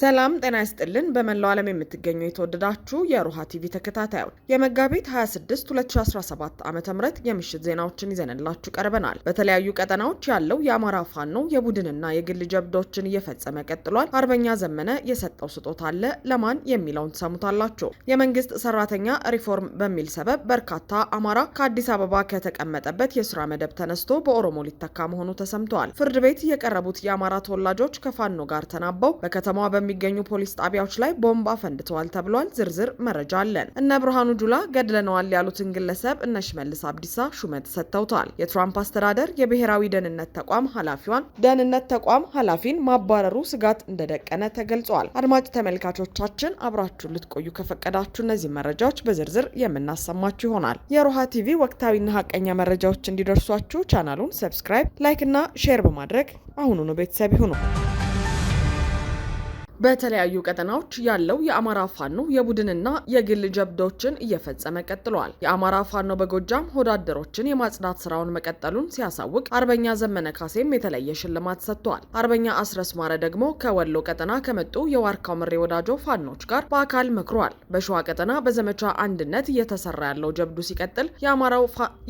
ሰላም ጤና ይስጥልን። በመላው ዓለም የምትገኙ የተወደዳችሁ የሮሃ ቲቪ ተከታታዮች የመጋቢት 26 2017 ዓ ም የምሽት ዜናዎችን ይዘንላችሁ ቀርበናል። በተለያዩ ቀጠናዎች ያለው የአማራ ፋኖ የቡድንና የግል ጀብዶችን እየፈጸመ ቀጥሏል። አርበኛ ዘመነ የሰጠው ስጦታ አለ ለማን የሚለውን ትሰሙታላችሁ። የመንግስት ሰራተኛ ሪፎርም በሚል ሰበብ በርካታ አማራ ከአዲስ አበባ ከተቀመጠበት የስራ መደብ ተነስቶ በኦሮሞ ሊተካ መሆኑ ተሰምተዋል። ፍርድ ቤት የቀረቡት የአማራ ተወላጆች ከፋኖ ጋር ተናበው በከተማዋ በሚ በሚገኙ ፖሊስ ጣቢያዎች ላይ ቦምብ አፈንድተዋል ተብሏል። ዝርዝር መረጃ አለን። እነ ብርሃኑ ጁላ ገድለነዋል ያሉትን ግለሰብ እነ ሽመልስ አብዲሳ ሹመት ሰጥተውታል። የትራምፕ አስተዳደር የብሔራዊ ደህንነት ተቋም ኃላፊዋን ደህንነት ተቋም ኃላፊን ማባረሩ ስጋት እንደደቀነ ተገልጿል። አድማጭ ተመልካቾቻችን አብራችሁን ልትቆዩ ከፈቀዳችሁ እነዚህ መረጃዎች በዝርዝር የምናሰማችሁ ይሆናል። የሮሃ ቲቪ ወቅታዊና ሀቀኛ መረጃዎች እንዲደርሷችሁ ቻናሉን ሰብስክራይብ፣ ላይክ እና ሼር በማድረግ አሁኑኑ ቤተሰብ ይሁኑ። በተለያዩ ቀጠናዎች ያለው የአማራ ፋኖ የቡድንና የግል ጀብዶችን እየፈጸመ ቀጥሏል። የአማራ ፋኖ በጎጃም ሆዳደሮችን የማጽዳት ስራውን መቀጠሉን ሲያሳውቅ፣ አርበኛ ዘመነ ካሴም የተለየ ሽልማት ሰጥቷል። አርበኛ አስረስ ማረ ደግሞ ከወሎ ቀጠና ከመጡ የዋርካው ምሬ ወዳጆ ፋኖች ጋር በአካል መክሯል። በሸዋ ቀጠና በዘመቻ አንድነት እየተሰራ ያለው ጀብዱ ሲቀጥል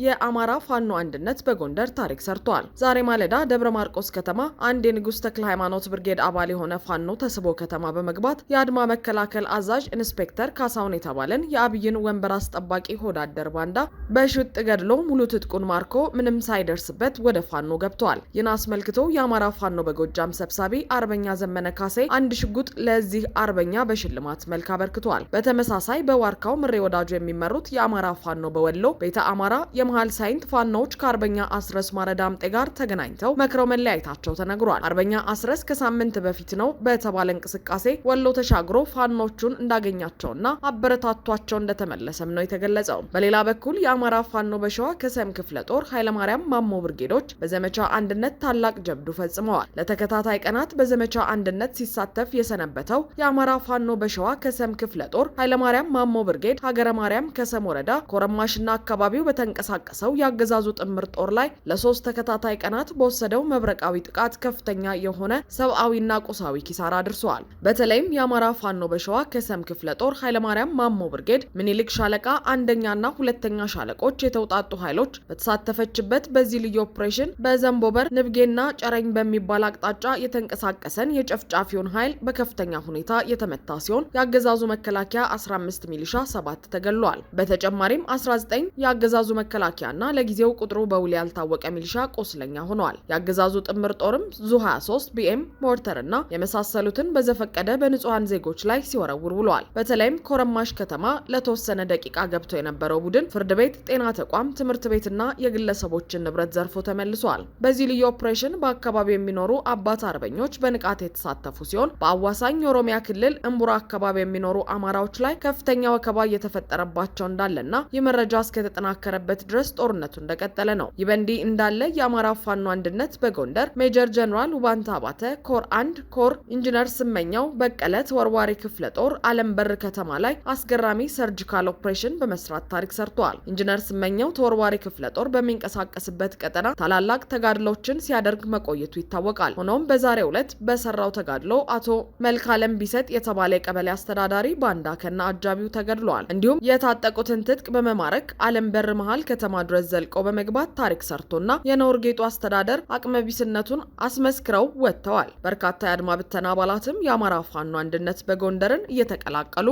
የአማራ ፋኖ አንድነት በጎንደር ታሪክ ሰርቷል። ዛሬ ማለዳ ደብረ ማርቆስ ከተማ አንድ የንጉሥ ተክለ ሃይማኖት ብርጌድ አባል የሆነ ፋኖ ተስቦ ከተማ በመግባት የአድማ መከላከል አዛዥ ኢንስፔክተር ካሳሁን የተባለን የአብይን ወንበር አስጠባቂ ሆዳደር ባንዳ በሽጥ ገድሎ ሙሉ ትጥቁን ማርኮ ምንም ሳይደርስበት ወደ ፋኖ ገብተዋል። ይህን አስመልክቶ የአማራ ፋኖ በጎጃም ሰብሳቢ አርበኛ ዘመነ ካሴ አንድ ሽጉጥ ለዚህ አርበኛ በሽልማት መልክ አበርክተዋል። በተመሳሳይ በዋርካው ምሬ ወዳጁ የሚመሩት የአማራ ፋኖ በወሎ ቤተ አማራ የመሀል ሳይንት ፋኖዎች ከአርበኛ አስረስ ማረዳምጤ ጋር ተገናኝተው መክረው መለያየታቸው ተነግሯል። አርበኛ አስረስ ከሳምንት በፊት ነው በተባለ እንቅስቃሴ ወሎ ተሻግሮ ፋኖቹን እንዳገኛቸውና አበረታቷቸው እንደተመለሰም ነው የተገለጸው። በሌላ በኩል የአማራ ፋኖ በሸዋ ከሰም ክፍለ ጦር ኃይለማርያም ማሞ ብርጌዶች በዘመቻ አንድነት ታላቅ ጀብዱ ፈጽመዋል። ለተከታታይ ቀናት በዘመቻ አንድነት ሲሳተፍ የሰነበተው የአማራ ፋኖ በሸዋ ከሰም ክፍለ ጦር ኃይለማርያም ማሞ ብርጌድ ሀገረ ማርያም ከሰም ወረዳ ኮረማሽና አካባቢው በተንቀሳቀሰው የአገዛዙ ጥምር ጦር ላይ ለሶስት ተከታታይ ቀናት በወሰደው መብረቃዊ ጥቃት ከፍተኛ የሆነ ሰብአዊና ቁሳዊ ኪሳራ አድርሷል ተገልጿል። በተለይም የአማራ ፋኖ በሸዋ ከሰም ክፍለ ጦር ኃይለማርያም ማሞ ብርጌድ ምኒልክ ሻለቃ አንደኛና ሁለተኛ ሻለቆች የተውጣጡ ኃይሎች በተሳተፈችበት በዚህ ልዩ ኦፕሬሽን በዘንቦበር ንብጌና ጨረኝ በሚባል አቅጣጫ የተንቀሳቀሰን የጨፍጫፊውን ኃይል በከፍተኛ ሁኔታ የተመታ ሲሆን የአገዛዙ መከላከያ 15 ሚሊሻ 7 ተገሏል። በተጨማሪም 19 የአገዛዙ መከላከያና ለጊዜው ቁጥሩ በውል ያልታወቀ ሚሊሻ ቆስለኛ ሆነዋል። የአገዛዙ ጥምር ጦርም ዙ 23 ቢኤም ሞርተርና የመሳሰሉትን በዘ በዘፈቀደ በንጹሐን ዜጎች ላይ ሲወረውር ውሏል። በተለይም ኮረማሽ ከተማ ለተወሰነ ደቂቃ ገብቶ የነበረው ቡድን ፍርድ ቤት፣ ጤና ተቋም፣ ትምህርት ቤትና የግለሰቦችን ንብረት ዘርፎ ተመልሷል። በዚህ ልዩ ኦፕሬሽን በአካባቢው የሚኖሩ አባት አርበኞች በንቃት የተሳተፉ ሲሆን በአዋሳኝ የኦሮሚያ ክልል እምቡራ አካባቢ የሚኖሩ አማራዎች ላይ ከፍተኛ ወከባ እየተፈጠረባቸው እንዳለና ይህ መረጃ እስከተጠናከረበት ድረስ ጦርነቱ እንደቀጠለ ነው። ይህ በእንዲህ እንዳለ የአማራ ፋኖ አንድነት በጎንደር ሜጀር ጀኔራል ውባንታ አባተ ኮር አንድ ኮር ኢንጂነር ስም ስመኛው በቀለ ተወርዋሪ ክፍለ ጦር አለም በር ከተማ ላይ አስገራሚ ሰርጂካል ኦፕሬሽን በመስራት ታሪክ ሰርቷል። ኢንጂነር ስመኛው ተወርዋሪ ክፍለ ጦር በሚንቀሳቀስበት ቀጠና ታላላቅ ተጋድሎችን ሲያደርግ መቆየቱ ይታወቃል። ሆኖም በዛሬው ዕለት በሰራው ተጋድሎ አቶ መልካለም ቢሰጥ የተባለ የቀበሌ አስተዳዳሪ ባንዳ ከና አጃቢው ተገድሏል። እንዲሁም የታጠቁትን ትጥቅ በመማረክ አለም በር መሀል ከተማ ድረስ ዘልቆ በመግባት ታሪክ ሰርቶና የነውር ጌጡ አስተዳደር አቅመቢስነቱን አስመስክረው ወጥተዋል። በርካታ የአድማ ብተና አባላትም የአማራ ፋኖ አንድነት በጎንደርን እየተቀላቀሉ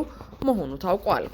መሆኑ ታውቋል።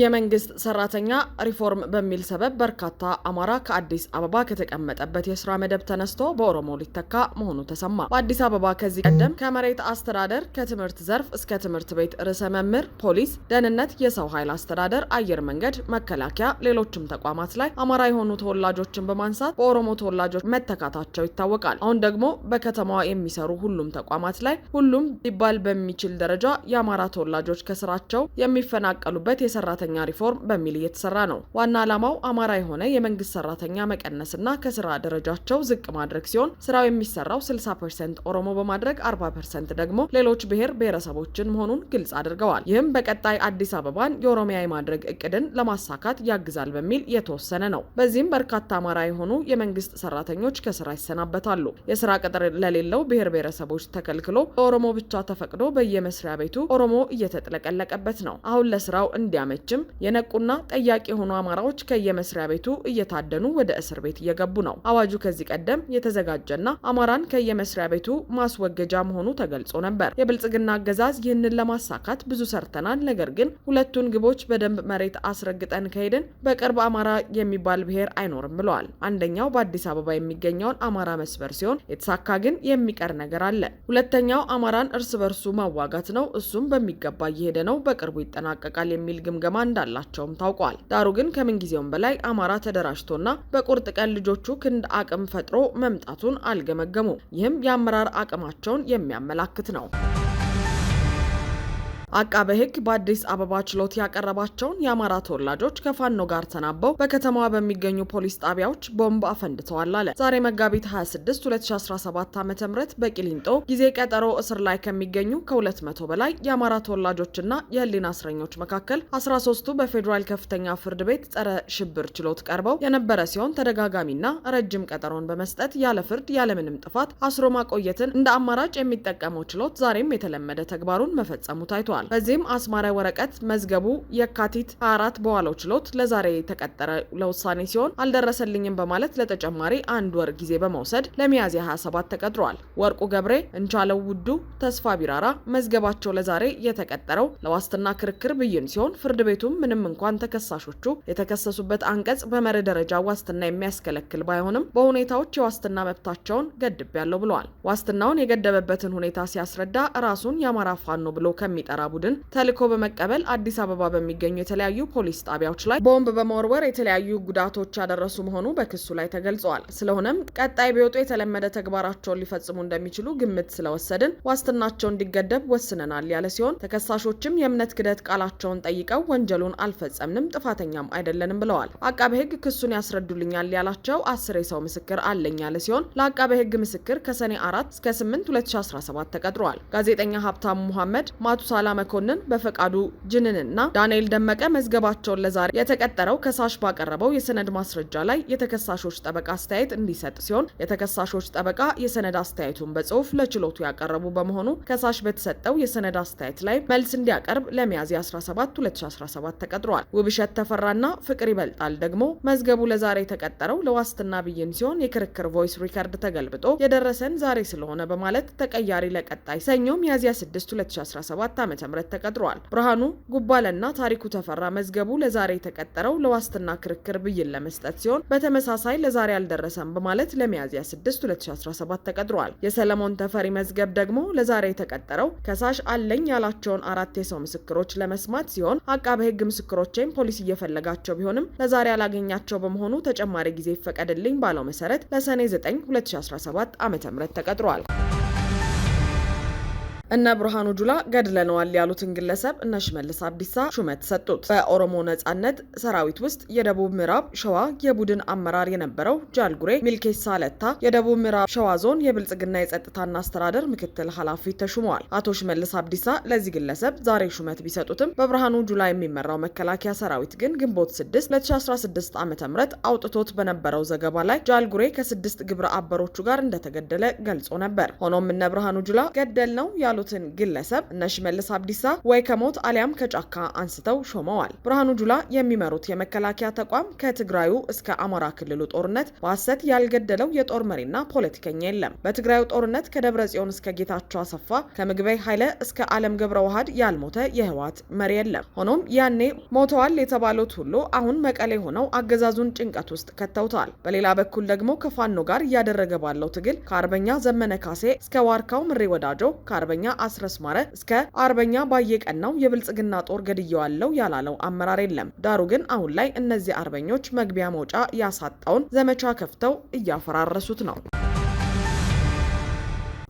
የመንግስት ሰራተኛ ሪፎርም በሚል ሰበብ በርካታ አማራ ከአዲስ አበባ ከተቀመጠበት የስራ መደብ ተነስቶ በኦሮሞ ሊተካ መሆኑ ተሰማ። በአዲስ አበባ ከዚህ ቀደም ከመሬት አስተዳደር፣ ከትምህርት ዘርፍ እስከ ትምህርት ቤት ርዕሰ መምህር፣ ፖሊስ፣ ደህንነት፣ የሰው ኃይል አስተዳደር፣ አየር መንገድ፣ መከላከያ፣ ሌሎችም ተቋማት ላይ አማራ የሆኑ ተወላጆችን በማንሳት በኦሮሞ ተወላጆች መተካታቸው ይታወቃል። አሁን ደግሞ በከተማዋ የሚሰሩ ሁሉም ተቋማት ላይ ሁሉም ሊባል በሚችል ደረጃ የአማራ ተወላጆች ከስራቸው የሚፈናቀሉበት የሰራ ሰራተኛ ሪፎርም በሚል እየተሰራ ነው። ዋና ዓላማው አማራ የሆነ የመንግስት ሰራተኛ መቀነስና ከስራ ደረጃቸው ዝቅ ማድረግ ሲሆን ስራው የሚሰራው 60 ፐርሰንት ኦሮሞ በማድረግ 40 ፐርሰንት ደግሞ ሌሎች ብሔር ብሔረሰቦችን መሆኑን ግልጽ አድርገዋል። ይህም በቀጣይ አዲስ አበባን የኦሮሚያ የማድረግ እቅድን ለማሳካት ያግዛል በሚል የተወሰነ ነው። በዚህም በርካታ አማራ የሆኑ የመንግስት ሰራተኞች ከስራ ይሰናበታሉ። የስራ ቅጥር ለሌለው ብሔር ብሔረሰቦች ተከልክሎ በኦሮሞ ብቻ ተፈቅዶ በየመስሪያ ቤቱ ኦሮሞ እየተጥለቀለቀበት ነው። አሁን ለስራው እንዲያመች በኋላዎችም የነቁና ጠያቂ የሆኑ አማራዎች ከየመስሪያ ቤቱ እየታደኑ ወደ እስር ቤት እየገቡ ነው። አዋጁ ከዚህ ቀደም የተዘጋጀና አማራን ከየመስሪያ ቤቱ ማስወገጃ መሆኑ ተገልጾ ነበር። የብልጽግና አገዛዝ ይህንን ለማሳካት ብዙ ሰርተናል። ነገር ግን ሁለቱን ግቦች በደንብ መሬት አስረግጠን ከሄድን በቅርብ አማራ የሚባል ብሔር አይኖርም ብለዋል። አንደኛው በአዲስ አበባ የሚገኘውን አማራ መስበር ሲሆን የተሳካ ግን የሚቀር ነገር አለ። ሁለተኛው አማራን እርስ በርሱ ማዋጋት ነው። እሱም በሚገባ እየሄደ ነው። በቅርቡ ይጠናቀቃል የሚል ግምገማ እንዳላቸውም ታውቋል። ዳሩ ግን ከምንጊዜውም በላይ አማራ ተደራጅቶና በቁርጥ ቀን ልጆቹ ክንድ አቅም ፈጥሮ መምጣቱን አልገመገሙም። ይህም የአመራር አቅማቸውን የሚያመላክት ነው። አቃቤ ሕግ በአዲስ አበባ ችሎት ያቀረባቸውን የአማራ ተወላጆች ከፋኖ ጋር ተናበው በከተማዋ በሚገኙ ፖሊስ ጣቢያዎች ቦምብ አፈንድተዋል አለ። ዛሬ መጋቢት 26 2017 ዓ ም በቂሊንጦ ጊዜ ቀጠሮ እስር ላይ ከሚገኙ ከ200 በላይ የአማራ ተወላጆችና የህሊና እስረኞች መካከል 13ቱ በፌዴራል ከፍተኛ ፍርድ ቤት ጸረ ሽብር ችሎት ቀርበው የነበረ ሲሆን ተደጋጋሚና ረጅም ቀጠሮን በመስጠት ያለ ፍርድ ያለምንም ጥፋት አስሮ ማቆየትን እንደ አማራጭ የሚጠቀመው ችሎት ዛሬም የተለመደ ተግባሩን መፈጸሙ ታይቷል። ተናግረዋል። በዚህም አስማራ ወረቀት መዝገቡ የካቲት 24 በዋለው ችሎት ለዛሬ የተቀጠረ ለውሳኔ ሲሆን አልደረሰልኝም በማለት ለተጨማሪ አንድ ወር ጊዜ በመውሰድ ለሚያዝያ 27 ተቀጥሯል። ወርቁ ገብሬ፣ እንቻለው ውዱ፣ ተስፋ ቢራራ መዝገባቸው ለዛሬ የተቀጠረው ለዋስትና ክርክር ብይን ሲሆን ፍርድ ቤቱም ምንም እንኳን ተከሳሾቹ የተከሰሱበት አንቀጽ በመርህ ደረጃ ዋስትና የሚያስከለክል ባይሆንም በሁኔታዎች የዋስትና መብታቸውን ገድብ ያለው ብለዋል። ዋስትናውን የገደበበትን ሁኔታ ሲያስረዳ ራሱን የአማራ ፋኖ ብሎ ከሚጠራ ቡድን ተልዕኮ በመቀበል አዲስ አበባ በሚገኙ የተለያዩ ፖሊስ ጣቢያዎች ላይ ቦምብ በመወርወር የተለያዩ ጉዳቶች ያደረሱ መሆኑ በክሱ ላይ ተገልጸዋል። ስለሆነም ቀጣይ ቢወጡ የተለመደ ተግባራቸውን ሊፈጽሙ እንደሚችሉ ግምት ስለወሰድን ዋስትናቸው እንዲገደብ ወስነናል ያለ ሲሆን ተከሳሾችም የእምነት ክደት ቃላቸውን ጠይቀው ወንጀሉን አልፈጸምንም፣ ጥፋተኛም አይደለንም ብለዋል። አቃቤ ሕግ ክሱን ያስረዱልኛል ያላቸው አስር የሰው ምስክር አለኝ ያለ ሲሆን ለአቃቤ ሕግ ምስክር ከሰኔ አራት እስከ ስምንት 2017 ተቀጥሯል። ጋዜጠኛ ሀብታሙ ሙሐመድ ማቱሳላ መኮንን፣ በፈቃዱ ጅንንና ዳንኤል ደመቀ መዝገባቸውን ለዛሬ የተቀጠረው ከሳሽ ባቀረበው የሰነድ ማስረጃ ላይ የተከሳሾች ጠበቃ አስተያየት እንዲሰጥ ሲሆን የተከሳሾች ጠበቃ የሰነድ አስተያየቱን በጽሁፍ ለችሎቱ ያቀረቡ በመሆኑ ከሳሽ በተሰጠው የሰነድ አስተያየት ላይ መልስ እንዲያቀርብ ለሚያዝያ 17 2017 ተቀጥሯል። ውብሸት ተፈራና ፍቅር ይበልጣል ደግሞ መዝገቡ ለዛሬ የተቀጠረው ለዋስትና ብይን ሲሆን የክርክር ቮይስ ሪከርድ ተገልብጦ የደረሰን ዛሬ ስለሆነ በማለት ተቀያሪ ለቀጣይ ሰኞ ሚያዝያ 6 2017 ዓ ተቀጥሯል። ብርሃኑ ጉባለና ታሪኩ ተፈራ መዝገቡ ለዛሬ የተቀጠረው ለዋስትና ክርክር ብይን ለመስጠት ሲሆን በተመሳሳይ ለዛሬ አልደረሰም በማለት ለሚያዝያ 6 2017 ተቀጥሯል። የሰለሞን ተፈሪ መዝገብ ደግሞ ለዛሬ የተቀጠረው ከሳሽ አለኝ ያላቸውን አራት የሰው ምስክሮች ለመስማት ሲሆን አቃቤ ሕግ ምስክሮቼን ፖሊስ እየፈለጋቸው ቢሆንም ለዛሬ አላገኛቸው በመሆኑ ተጨማሪ ጊዜ ይፈቀድልኝ ባለው መሰረት ለሰኔ 9 2017 ዓ ም ተቀጥሯል። እነ ብርሃኑ ጁላ ገድለነዋል ያሉትን ግለሰብ እነ ሽመልስ አብዲሳ ሹመት ሰጡት። በኦሮሞ ነጻነት ሰራዊት ውስጥ የደቡብ ምዕራብ ሸዋ የቡድን አመራር የነበረው ጃልጉሬ ሚልኬሳ ለታ የደቡብ ምዕራብ ሸዋ ዞን የብልጽግና የጸጥታና አስተዳደር ምክትል ኃላፊ ተሹመዋል። አቶ ሽመልስ አብዲሳ ለዚህ ግለሰብ ዛሬ ሹመት ቢሰጡትም በብርሃኑ ጁላ የሚመራው መከላከያ ሰራዊት ግን ግንቦት 6 2016 ዓ ም አውጥቶት በነበረው ዘገባ ላይ ጃልጉሬ ከስድስት ግብረ አበሮቹ ጋር እንደተገደለ ገልጾ ነበር። ሆኖም እነ ብርሃኑ ጁላ ገደል ነው ያሉት ያሉትን ግለሰብ እነ ሽመልስ አብዲሳ ወይ ከሞት አሊያም ከጫካ አንስተው ሾመዋል። ብርሃኑ ጁላ የሚመሩት የመከላከያ ተቋም ከትግራዩ እስከ አማራ ክልሉ ጦርነት በሀሰት ያልገደለው የጦር መሪና ፖለቲከኛ የለም። በትግራዩ ጦርነት ከደብረ ጽዮን እስከ ጌታቸው አሰፋ፣ ከምግበይ ኃይለ እስከ አለም ገብረ ዋህድ ያልሞተ የህወሓት መሪ የለም። ሆኖም ያኔ ሞተዋል የተባሉት ሁሉ አሁን መቀሌ ሆነው አገዛዙን ጭንቀት ውስጥ ከተውተዋል። በሌላ በኩል ደግሞ ከፋኖ ጋር እያደረገ ባለው ትግል ከአርበኛ ዘመነ ካሴ እስከ ዋርካው ምሬ ወዳጆ ከአርበኛ አስረስ አስረስማረ እስከ አርበኛ ባየቀናው የብልጽግና ጦር ገድየዋለው ያላለው አመራር የለም። ዳሩ ግን አሁን ላይ እነዚህ አርበኞች መግቢያ መውጫ ያሳጣውን ዘመቻ ከፍተው እያፈራረሱት ነው።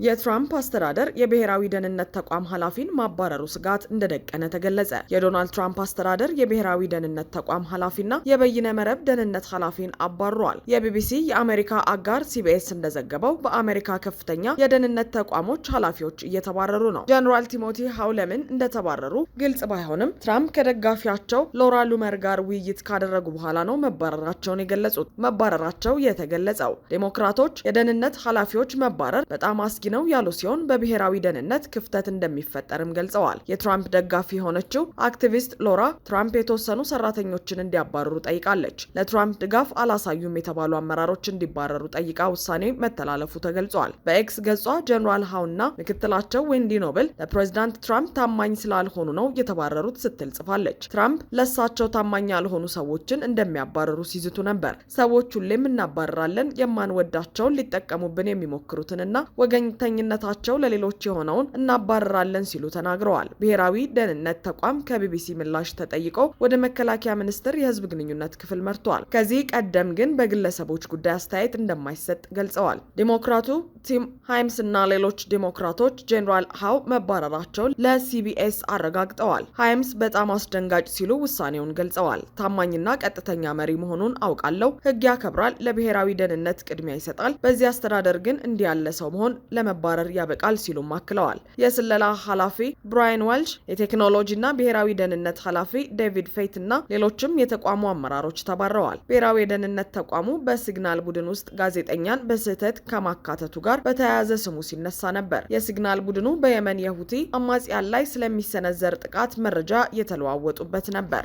የትራምፕ አስተዳደር የብሔራዊ ደህንነት ተቋም ኃላፊን ማባረሩ ስጋት እንደደቀነ ተገለጸ። የዶናልድ ትራምፕ አስተዳደር የብሔራዊ ደህንነት ተቋም ኃላፊና የበይነ መረብ ደህንነት ኃላፊን አባሯል። የቢቢሲ የአሜሪካ አጋር ሲቢኤስ እንደዘገበው በአሜሪካ ከፍተኛ የደህንነት ተቋሞች ኃላፊዎች እየተባረሩ ነው። ጀኔራል ቲሞቲ ሀውለምን እንደተባረሩ ግልጽ ባይሆንም ትራምፕ ከደጋፊያቸው ሎራ ሉመር ጋር ውይይት ካደረጉ በኋላ ነው መባረራቸውን የገለጹት። መባረራቸው የተገለጸው ዴሞክራቶች የደህንነት ኃላፊዎች መባረር በጣም አስጊ ነው ያሉ ሲሆን በብሔራዊ ደህንነት ክፍተት እንደሚፈጠርም ገልጸዋል። የትራምፕ ደጋፊ የሆነችው አክቲቪስት ሎራ ትራምፕ የተወሰኑ ሰራተኞችን እንዲያባረሩ ጠይቃለች። ለትራምፕ ድጋፍ አላሳዩም የተባሉ አመራሮች እንዲባረሩ ጠይቃ ውሳኔ መተላለፉ ተገልጿል። በኤክስ ገጿ ጀኔራል ሃውና ምክትላቸው ዌንዲ ኖብል ለፕሬዚዳንት ትራምፕ ታማኝ ስላልሆኑ ነው የተባረሩት ስትል ጽፋለች። ትራምፕ ለሳቸው ታማኝ ያልሆኑ ሰዎችን እንደሚያባረሩ ሲዝቱ ነበር። ሰዎች ሁሌም እናባረራለን፣ የማንወዳቸውን ሊጠቀሙብን የሚሞክሩትንና ወገኝ ገለልተኝነታቸው ለሌሎች የሆነውን እናባረራለን ሲሉ ተናግረዋል። ብሔራዊ ደህንነት ተቋም ከቢቢሲ ምላሽ ተጠይቀው ወደ መከላከያ ሚኒስቴር የህዝብ ግንኙነት ክፍል መርቷል። ከዚህ ቀደም ግን በግለሰቦች ጉዳይ አስተያየት እንደማይሰጥ ገልጸዋል። ዲሞክራቱ ቲም ሃይምስ እና ሌሎች ዲሞክራቶች ጄኔራል ሃው መባረራቸውን ለሲቢኤስ አረጋግጠዋል። ሃይምስ በጣም አስደንጋጭ ሲሉ ውሳኔውን ገልጸዋል። ታማኝና ቀጥተኛ መሪ መሆኑን አውቃለሁ። ህግ ያከብራል፣ ለብሔራዊ ደህንነት ቅድሚያ ይሰጣል። በዚህ አስተዳደር ግን እንዲያለ ሰው መሆን ለመባረር ያበቃል ሲሉም አክለዋል። የስለላ ኃላፊ ብራያን ዋልሽ፣ የቴክኖሎጂና ብሔራዊ ደህንነት ኃላፊ ዴቪድ ፌት እና ሌሎችም የተቋሙ አመራሮች ተባረዋል። ብሔራዊ የደህንነት ተቋሙ በሲግናል ቡድን ውስጥ ጋዜጠኛን በስህተት ከማካተቱ ጋር በተያያዘ ስሙ ሲነሳ ነበር። የሲግናል ቡድኑ በየመን የሁቲ አማጽያን ላይ ስለሚሰነዘር ጥቃት መረጃ የተለዋወጡበት ነበር።